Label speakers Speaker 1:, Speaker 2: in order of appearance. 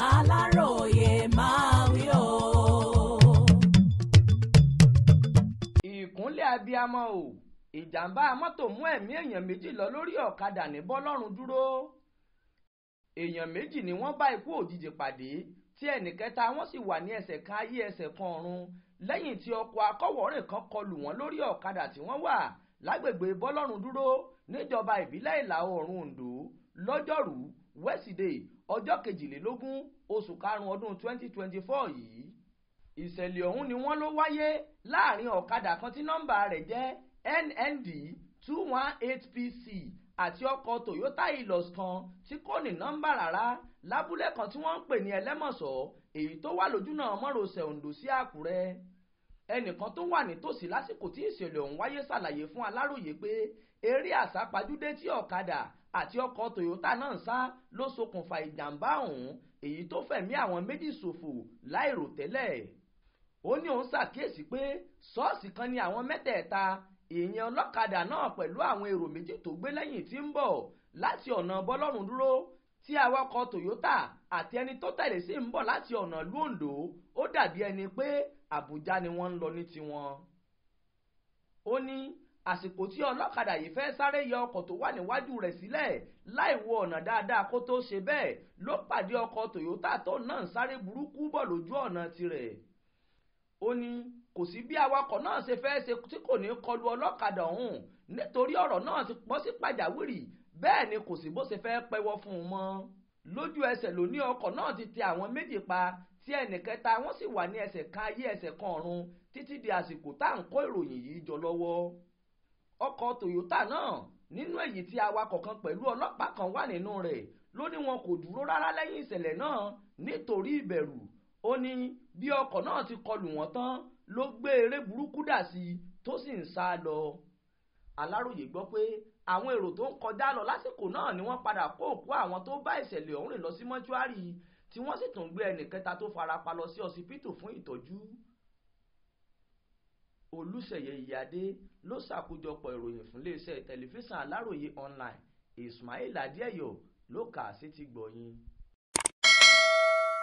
Speaker 1: aláròye máa wí o. ìkúnlẹ̀ abiyamọ o ìjàmbá mọ́tò mú ẹ̀mí èèyàn méjì lọ lórí ọ̀kadà ní bọ́lọ́run dúró èèyàn méjì ni wọ́n bá ikú òjijì pàdé tí ẹnìkẹta wọn sì wà ní ẹsẹ̀ kan ayé ẹsẹ̀ kan ọ̀run lẹ́yìn tí ọkọ̀ akọ́wọ́rìn kan kọlù wọ́n lórí ọ̀kadà tí wọ́n wà lágbègbè bọ́lọ́run dúró níjọba ìbílẹ̀ ìlà oòrùn Oǹdó lọ́jọ́rùú wẹ́sì Wednesday ọjọ́ kejìlélógún oṣù karùn-ún ọdún 2024 yìí ìṣẹ̀lẹ̀ ọ̀hún ni wọ́n ló wáyé láàrin ọ̀kadà kan tí nọ́mbà rẹ̀ jẹ́ NND 218PC àti ọkọ̀ Toyota Hilux kan tí kò ní nọ́mbà rárá lábúlé kan tí wọ́n ń pè ní ẹlẹ́mọ̀sọ̀ èyí tó wà lójúnà mọ́rọ̀ọ̀sẹ̀ Ondo sí Àkúrẹ́ ẹnìkan tó wà nítòsí lásìkò tí ìṣẹ̀lẹ̀ ọ̀hún wáyé ṣàlàyé fún aláròye pé eré àsápajúdé tí ọ̀kadà àti ọkọ̀ Toyota náà sá ló ṣokùnfà ìjàmbá ọ̀hún èyí tó fẹ̀mí àwọn méjì ṣòfò láìròtẹ́lẹ̀ ó ní òun ṣàkíyèsí pé ṣọ́ọ̀ṣì kan ni àwọn mẹ́tẹ̀ẹ̀ta èèyàn ọlọ́kadà náà pẹ̀lú àwọn èrò méjì tó gbé lẹ́yìn tí ń bọ̀ láti ọ̀nà bọ́lọ́run dúró tí awakọ̀ Toyota àti ẹni tó tẹ̀lé sí ń bọ̀ láti ọ̀nà ìlú Ondo ó dàbí ẹni pé Àbújá ni wọ́n ń lọ ní tiwọn. ó ní àsìkò tí ọlọ́kadà yìí fẹ́ sáré yọ ọkọ̀ tó wà níwájú rẹ̀ sílẹ̀ láì wo ọ̀nà dáadáa kó tó ṣe bẹ́ẹ̀ ló pàdé ọkọ̀ Toyota tó náà sáré burúkú bọ̀ lójú ọ̀nà tirẹ̀ ó ní kò sí bí awakọ̀ náà ṣe fẹ́ ṣe tí kò ní kọlu ọlọ́kadà ọ̀hún nítorí ọ̀rọ̀ náà ti pọ́ sí pàjáwìrì bẹ́ẹ̀ ni kò sí bó ṣe fẹ́ pẹ́wọ́ fún un mọ́ lójú ẹsẹ̀ ló ní ọkọ̀ náà ti tẹ àwọn méjì pa tí ẹnìkẹta wọ́n sì wà ní ẹsẹ̀ kan ayé ẹsẹ̀ kan ọ̀run títí di àsìkò tá à ń kó ìròyìn yìí jọ lọ́wọ́ ọkọ̀ Toyota náà nínú èyí tí awakọ̀ kan pẹ̀lú ọlọ́pàá kan wà nínú rẹ̀ ló ní wọn kò dúró rárá lẹ́yìn ìṣẹ̀lẹ̀ náà nítorí ìbẹ̀rù ó ní bí ọkọ̀ náà ti kọlù wọ́n tán ló gbé eré burúkú dà sí i tó sì ń sá lọ. Aláròyé gbọ́ pé àwọn èrò tó ń kọjá lọ lásìkò náà ni wọ́n padà kó òkú àwọn tó bá ìṣẹ̀lẹ̀ ọ̀hún rìn lọ sí mọ́ṣúárì tí wọ́n sì tún gbé ẹnì kẹta tó farapa lọ sí ọsibítù fún ìtọ́jú olùṣeyẹ ìyáde ló ṣàkójọpọ̀ ìròyìn fún iléeṣẹ́ tẹlifíṣàn aláròye online ismail adéẹyọ ló kà á sétígbọ̀ọ́ yín